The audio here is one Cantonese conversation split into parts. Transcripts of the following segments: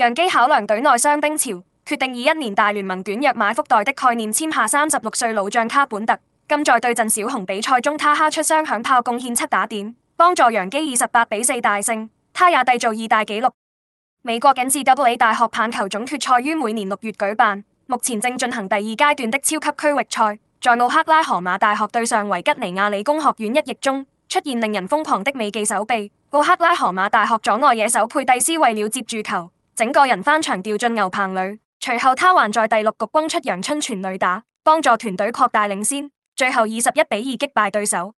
楊基考量隊內傷兵潮，決定以一年大聯盟短約買福袋的概念簽下三十六歲老將卡本特。今在對陣小熊比賽中，他敲出雙響炮，貢獻七打點，幫助洋基二十八比四大勝。他也締造二大紀錄。美國僅德布里大學棒球總決賽於每年六月舉辦，目前正進行第二階段的超級區域賽。在奧克拉荷馬大學對上維吉尼亞理工學院一役中，出現令人瘋狂的美技手臂。奧克拉荷馬大學左外野手佩蒂斯為了接住球。整個人翻牆掉進牛棚裏，隨後他還在第六局攻出陽春全壘打，幫助團隊擴大領先，最後二十一比二擊敗對手。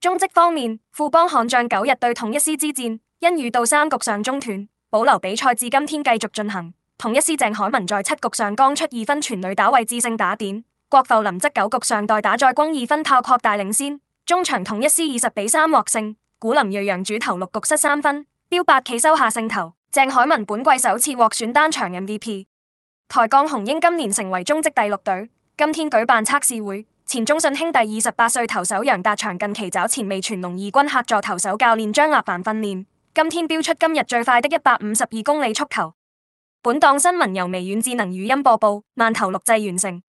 中職方面，富邦悍將九日對統一獅之戰，因遇到三局上中斷，保留比賽至今天繼續進行。統一獅鄭凱文在七局上攻出二分全壘打為致勝打點，郭阜林則九局上代打再攻二分，炮擴大領先，中場統一獅二十比三獲勝。古林睿煬主投六局失三分，飆八 K 收下勝投。鄭凱文本季首次獲選單場 MVP。台鋼雄鷹今年成為中職第六隊，今天舉辦測試會。前中信兄弟二十八歲投手楊達祥近期找前味全龍二軍客座投手教練張亞凡訓練，今天飆出今日最快的一百五十二公里速球。本檔新聞由微軟智能語音播報，慢投錄製完成。